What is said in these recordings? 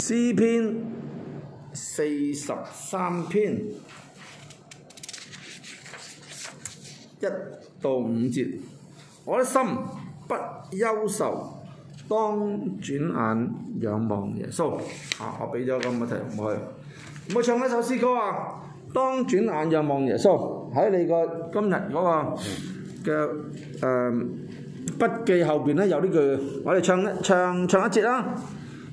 詩篇四十三篇一到五節，我的心不憂愁，當轉眼仰望耶穌。So, 啊，我俾咗個問題，唔好去。我唱一首詩歌啊，當轉眼仰望耶穌，喺你的今、那個今日嗰個嘅誒筆記後面呢有呢句，我哋唱一唱，唱一節啦、啊。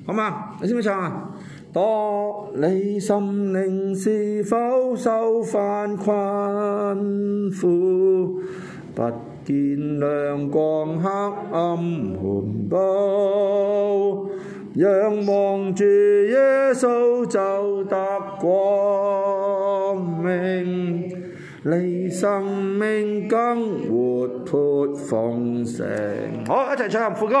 好嘛，你識唔識唱啊？你多你心靈是否受犯困苦？不見亮光，黑暗滿布。仰望住耶穌，就得光明，你生命更活潑豐盛。好，一齊唱，副歌。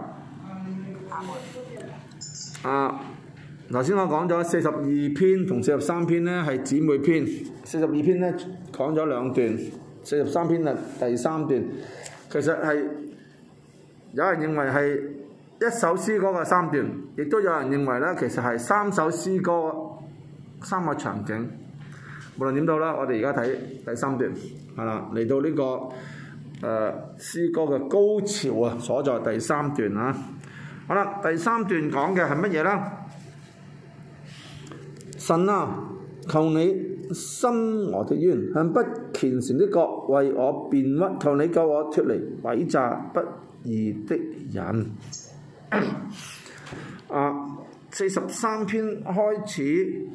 啊！頭先我講咗四十二篇同四十三篇呢係姊妹篇，四十二篇呢講咗兩段，四十三篇啊，第三段，其實係有人認為係一首詩歌嘅三段，亦都有人認為咧其實係三首詩歌、三個場景。無論點到啦，我哋而家睇第三段，係啦，嚟到呢個誒詩歌嘅高潮啊，所在第三段啊！好啦，第三段講嘅係乜嘢啦？神啊，求你伸我的冤，向不虔誠的國為我辨屈，求你救我脱離詭詐不義的人。 啊，四十三篇開始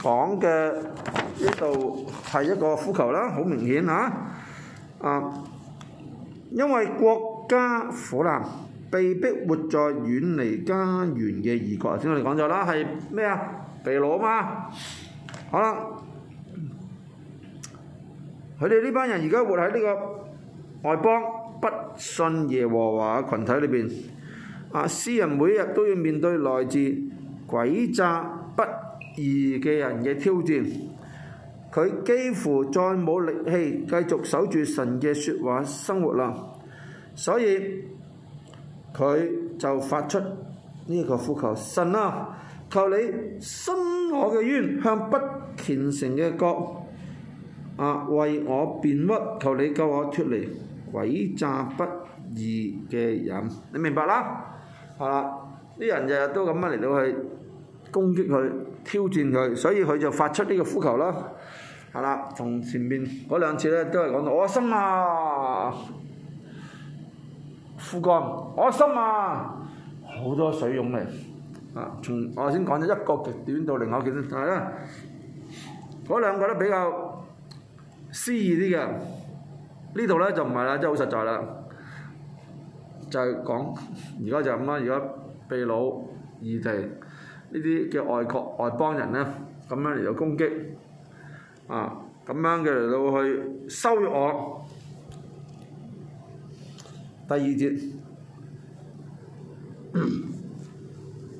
講嘅呢度係一個呼求啦，好明顯嚇。啊，因為國家苦難。被逼活在遠離家園嘅異國，先我哋講咗啦，係咩啊？被擄啊嘛，好啦，佢哋呢班人而家活喺呢個外邦不信耶和華嘅羣體裏邊，阿詩人每日都要面對來自詭詐不義嘅人嘅挑戰，佢幾乎再冇力氣繼續守住神嘅説話生活啦，所以，佢就發出呢一個呼求，神啦、啊，求你伸我嘅冤，向不虔誠嘅國啊為我辯屈，求你救我脱離詭詐不義嘅人，你明白啦？係啦，啲人日日都咁樣嚟到去攻擊佢、挑戰佢，所以佢就發出呢個呼求啦。係啦，同前面嗰兩次咧都係講到我心啊！副歌，我心啊，好多水湧嚟，啊，從我先講咗一個極端到另外極端，但係咧，嗰兩個都比較詩意啲嘅，呢度咧就唔係啦，真係好實在啦，就係、是、講而家就咁啦，而家秘魯、義地呢啲嘅外國、外邦人咧，咁樣嚟到攻擊，啊，咁樣嘅嚟到去羞辱我。第二節，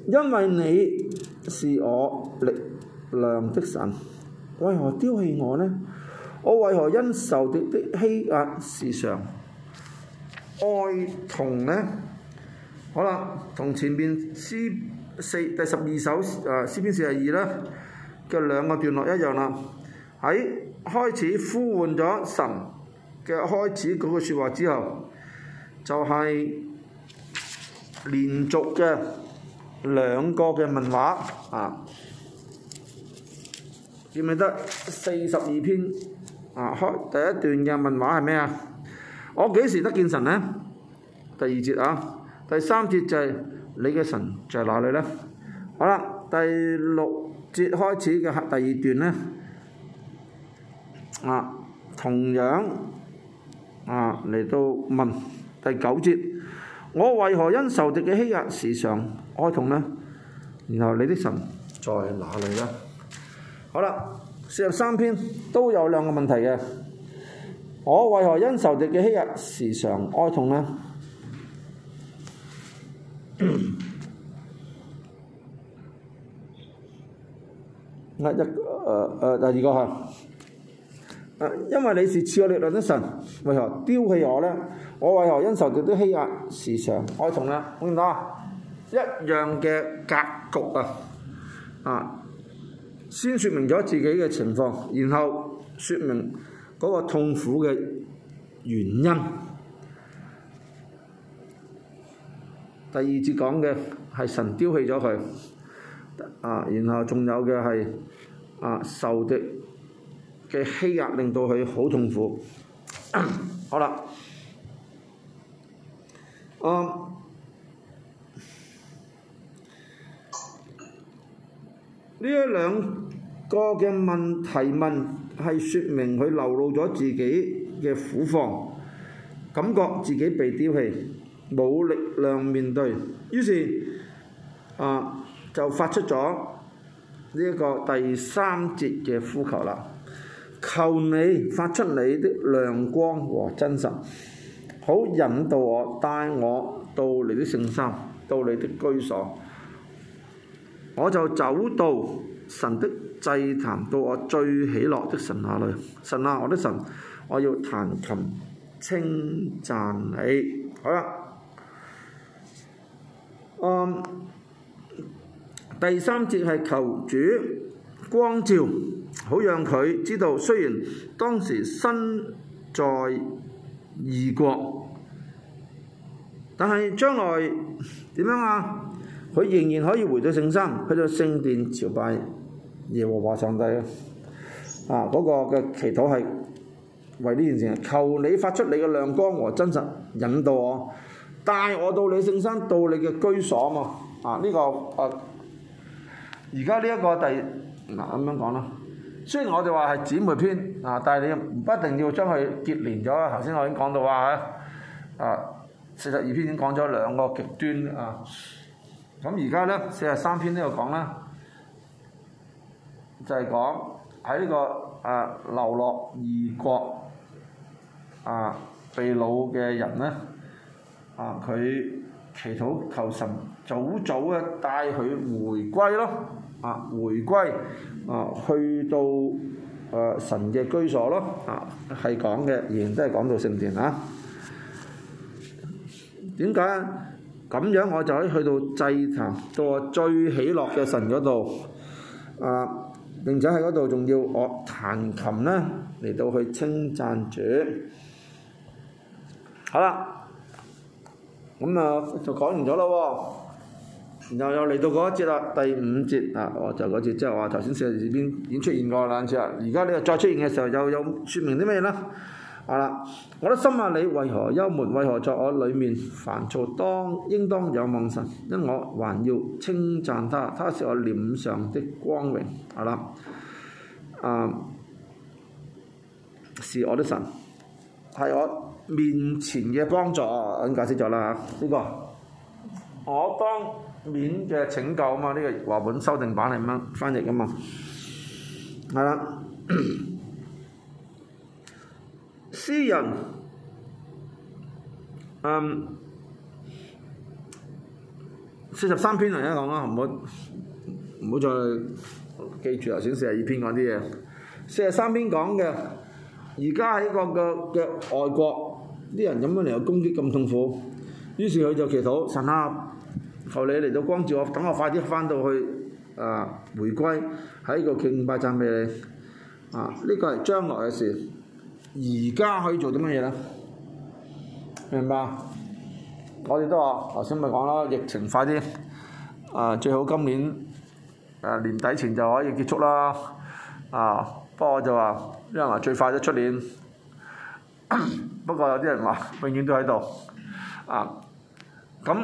因為你是我力量的神，為何丟棄我呢？我為何因仇敵的欺壓時常哀痛呢？好啦，同前面詩四第十二首啊，詩篇四十二呢嘅兩個段落一樣啦。喺開始呼喚咗神嘅開始嗰句説話之後。就係連續嘅兩個嘅問話啊，記唔記得四十二篇啊。開第一段嘅問話係咩啊？我幾時得見神咧？第二節啊，第三節就係你嘅神在哪裏咧？好啦，第六節開始嘅第二段咧，啊，同樣啊嚟到問。第九節，我為何因仇敵嘅欺壓時常哀痛呢？然後你的神在哪裡呢？好啦，四十三篇都有兩個問題嘅，我為何因仇敵嘅欺壓時常哀痛呢？嗱一誒誒第二個係、呃，因為你是賜我力量的神，為何丟棄我呢？我為何因受敵的欺壓時常哀痛呢？我見唔到啊！一樣嘅格局啊，啊，先説明咗自己嘅情況，然後説明嗰個痛苦嘅原因。第二節講嘅係神丟棄咗佢，啊，然後仲有嘅係啊受敵嘅欺壓令到佢好痛苦。好啦。啊！呢一兩個嘅問題問係説明佢流露咗自己嘅苦況，感覺自己被丟棄，冇力量面對，於是啊就發出咗呢一個第三節嘅呼求啦，求你發出你的亮光和真實。好引導我，帶我到你的聖山，到你的居所，我就走到神的祭壇，到我最喜樂的神那裡。神啊，我的神，我要彈琴稱讚你。好啦，嗯，第三節係求主光照，好讓佢知道，雖然當時身在異國，但係將來點樣啊？佢仍然可以回到聖山，去到聖殿朝拜耶和華上帝啊！啊，嗰、那個嘅祈禱係為呢件事，求你發出你嘅亮光和真實，引導我，帶我到你聖山，到你嘅居所啊！嘛啊，呢、這個啊，而家呢一個第嗱咁、啊、樣講啦。雖然我哋話係姊妹篇啊，但係你唔一定要將佢結連咗。頭先我已經講到話啊，啊四十二篇已經講咗兩個極端啊，咁而家咧四十三篇呢度講啦，就係講喺呢個啊流落異國啊被擄嘅人咧，啊佢祈禱求，求神早早嘅帶佢回歸咯，啊回歸。啊回歸啊，去到誒、呃、神嘅居所咯，啊係講嘅，仍然都係講到聖殿啊。點解咁樣我就可以去到祭壇，到我最喜樂嘅神嗰度啊？並且喺嗰度仲要我彈琴咧，嚟到去稱讚主。好啦，咁啊就講完咗啦喎。然後又嚟到嗰一節啦，第五節啊，哦就嗰節，即係話頭先聖經裏邊已經出現過兩次，而家呢個再出現嘅時候，又有説明啲咩呢？係啦，我的心啊你，你為何憂悶？為何在我裏面煩躁？當應當仰望神，因我還要稱讚他，他是我臉上的光榮。係啦，啊，是我的神，係我面前嘅幫助。解釋咗啦，呢、啊這個我幫。免嘅拯救啊嘛，呢、這個華本修訂版嚟咁樣翻譯噶嘛，係啦。詩 人，嗯，四十三篇嚟啊講啊，唔好唔好再記住頭先四十二篇講啲嘢，四十三篇講嘅，而家喺個、這個、這個外國啲人有乜理由攻擊咁痛苦，於是佢就祈禱神啊！求你嚟到光照我，等我快啲翻到去啊！迴歸喺一個勁快賺俾你啊！呢個係將來嘅事，而家可以做啲乜嘢咧？明白？我哋都話頭先咪講啦，疫情快啲啊！最好今年誒年底前就可以結束啦啊！不過就話因為話最快都出年，不過有啲人話永遠都喺度啊！咁。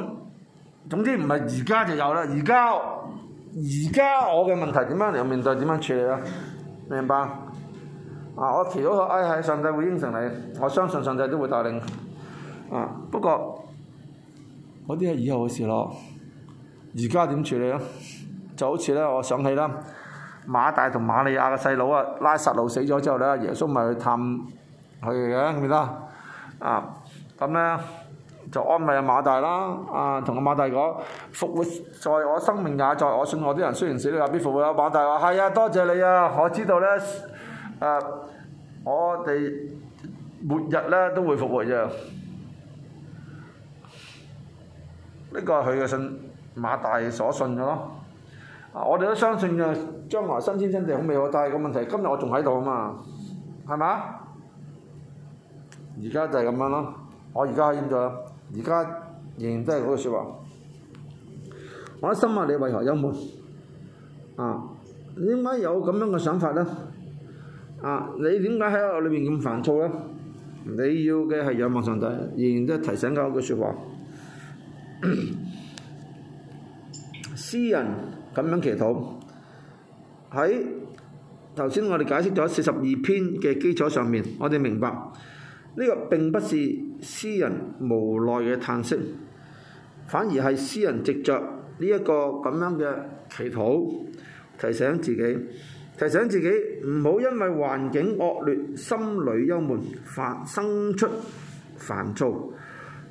總之唔係而家就有啦，而家而家我嘅問題點樣嚟面對點樣處理啊？明白？啊，我祈禱，哎喺上帝會應承你，我相信上帝都會帶領。啊，不過嗰啲係以後嘅事咯。而家點處理啊？就好似咧，我想起啦，馬大同馬利亞嘅細佬啊，拉撒路死咗之後咧，耶穌咪去探佢嘅，明唔明啊？啊，咁咧。就安慰阿馬大啦，啊、呃，同阿馬大講復活在我生命也在我信我啲人雖然死你也必復活，阿馬大話係啊，多謝你啊，我知道咧，誒、呃，我哋末日咧都會復活啫，呢、這個係佢嘅信，馬大所信嘅咯，啊，我哋都相信嘅、啊，將來新天新地好美好，但係個問題今日我仲喺度啊嘛，係嘛？而家就係咁樣咯，我而家喺現在，在。而家仍然都係嗰句説話，我一心啊，你為何憂悶？啊，點解有咁樣嘅想法咧？啊，你點解喺我裏面咁煩躁咧？你要嘅係仰望上帝，仍然都係提醒緊嗰句説話。 詩人咁樣祈禱，喺頭先我哋解釋咗四十二篇嘅基礎上面，我哋明白。呢個並不是詩人無奈嘅嘆息，反而係詩人藉着呢一個咁樣嘅祈禱，提醒自己，提醒自己唔好因為環境惡劣、心裏幽悶，發生出煩躁。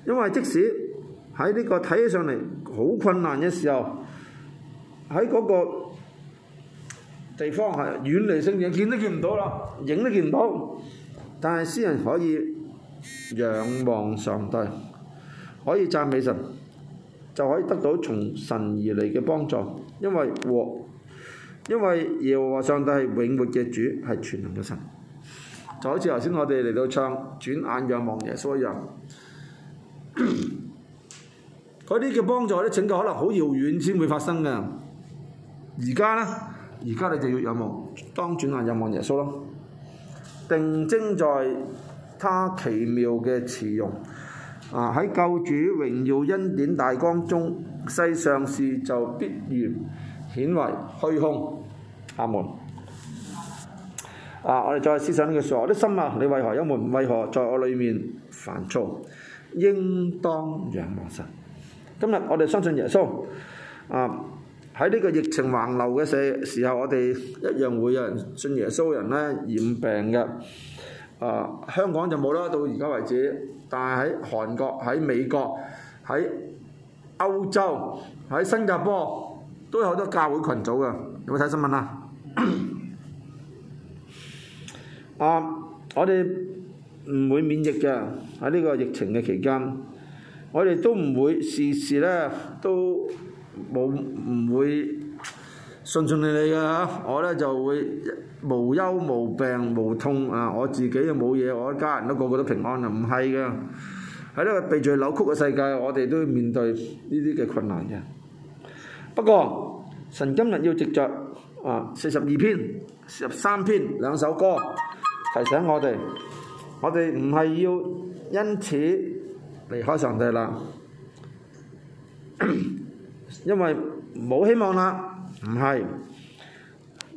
因為即使喺呢個睇起上嚟好困難嘅時候，喺嗰個地方係遠離聖城，見都見唔到啦，影都見唔到，但係詩人可以。仰望上帝，可以讚美神，就可以得到從神而來嘅幫助，因為和，因為耶和華上帝係永活嘅主，係全能嘅神。就好似頭先我哋嚟到唱轉眼仰望耶穌一樣，嗰啲嘅幫助咧，拯救可能好遙遠先會發生㗎。而家咧，而家你就要仰望，當轉眼仰望耶穌咯。定睛在。他奇妙嘅慈容，啊，喺救主榮耀恩典大光中，世上事就必然顯為虛空。阿門。啊，我哋再思想嘅時候，我啲心啊，你為何憂悶？為何在我裏面煩躁？應當仰望神。今日我哋相信耶穌。啊，喺呢個疫情橫流嘅時時候，我哋一樣會有人信耶穌人呢，人咧染病嘅。啊，香港就冇啦，到而家為止。但係喺韓國、喺美國、喺歐洲、喺新加坡都有好多教會群組㗎，有冇睇新聞啊？ 啊，我哋唔會免疫嘅。喺呢個疫情嘅期間，我哋都唔會時時咧都冇唔會。順順利利嘅嚇，我咧就會無憂無病無痛啊！我自己又冇嘢，我一家人都個個都平安啊！唔係嘅，喺呢個被罪扭曲嘅世界，我哋都要面對呢啲嘅困難嘅。不過，神今日要藉著啊四十二篇、四十三篇兩首歌提醒我哋，我哋唔係要因此離開上帝啦，因為冇希望啦。唔係，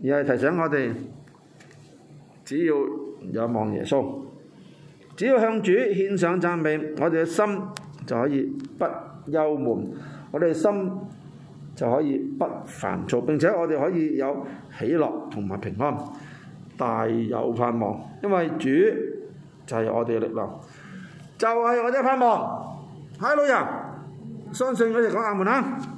而係提醒我哋，只要有望耶穌，只要向主獻上讚美，我哋嘅心就可以不憂悶，我哋嘅心就可以不煩躁，並且我哋可以有喜樂同埋平安，大有盼望。因為主就係我哋嘅力量，就係我哋嘅盼望。係，Hi，老人相信我哋講阿門啊！